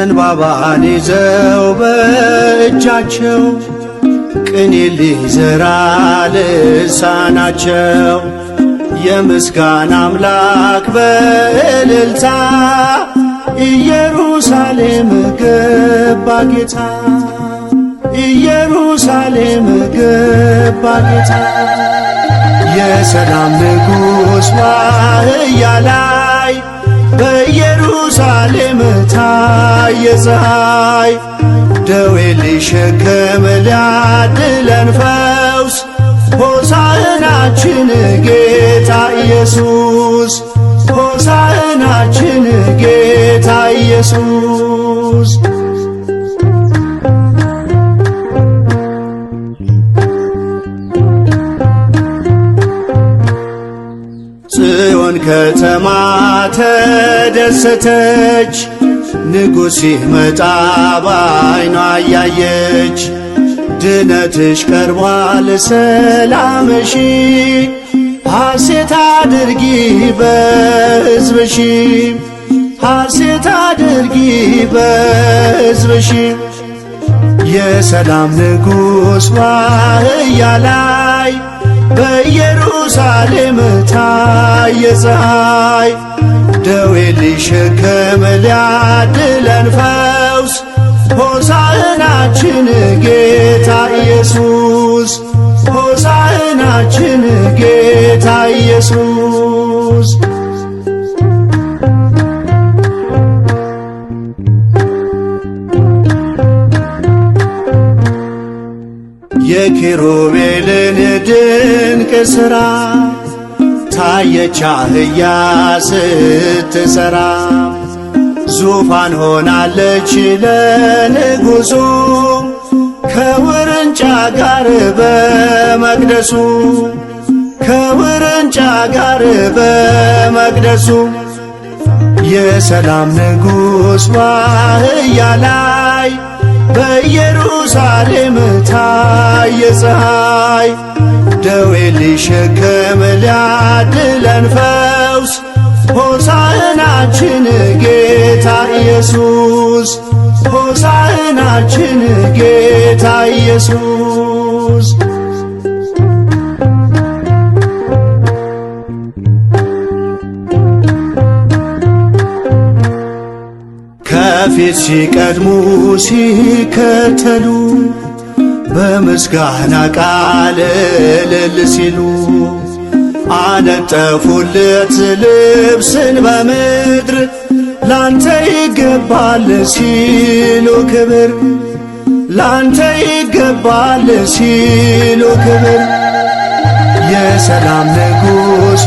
ዘንባባን ይዘው በእጃቸው ቅኔ ሊዘራ ልሳናቸው የምስጋና አምላክ በእልልታ ኢየሩሳሌም ገባ ጌታ ኢየሩሳሌም ገባ ጌታ የሰላም ንጉሥ ዋህያላ ኢየሩሳሌም ታየ ፀሐይ ደዌ ሊሸከም ሊያድለን ፈውስ ሆሳዕናችን ጌታ ኢየሱስ ሆሳዕናችን ጌታ ኢየሱስ ጽዮን ከተማ ተደሰተች፣ ንጉሥ ሲመጣ ባይኗ አያየች። ድነትሽ ቀርቧል ሰላምሺ፣ ሐሴት አድርጊ በሕዝብሺ፣ ሐሴት አድርጊ በሕዝብሺ የሰላም ንጉሥ ዋህያላ በኢየሩሳሌም ታየ ፀሐይ ደዌ ሊሸከም ሊያድለን ፈውስ ሆሳዕናችን ጌታ ኢየሱስ ሆሳዕናችን ጌታ ኢየሱስ የኪሩቤልን ድንቅ ሥራ ታየች አህያ ስትሠራ ዙፋን ሆናለች ለንጉሡ ከውርንጫ ጋር በመቅደሱ ከውርንጫ ጋር በመቅደሱ የሰላም ንጉሥ በአህያ ላይ በኢየሩሳሌም ታየ ፀሐይ ደዌ ሊሸከም ሊያድለን ፈውስ ሆሳዕናችን ጌታ ኢየሱስ ሆሳዕናችን ጌታ ኢየሱስ ከፊት ሲቀድሙ ሲከተሉ በምስጋና ቃል እልል ሲሉ አነጠፉለት ልብስን በምድር ላንተ ይገባል ሲሉ ክብር ላንተ ይገባል ሲሉ ክብር የሰላም ንጉሥ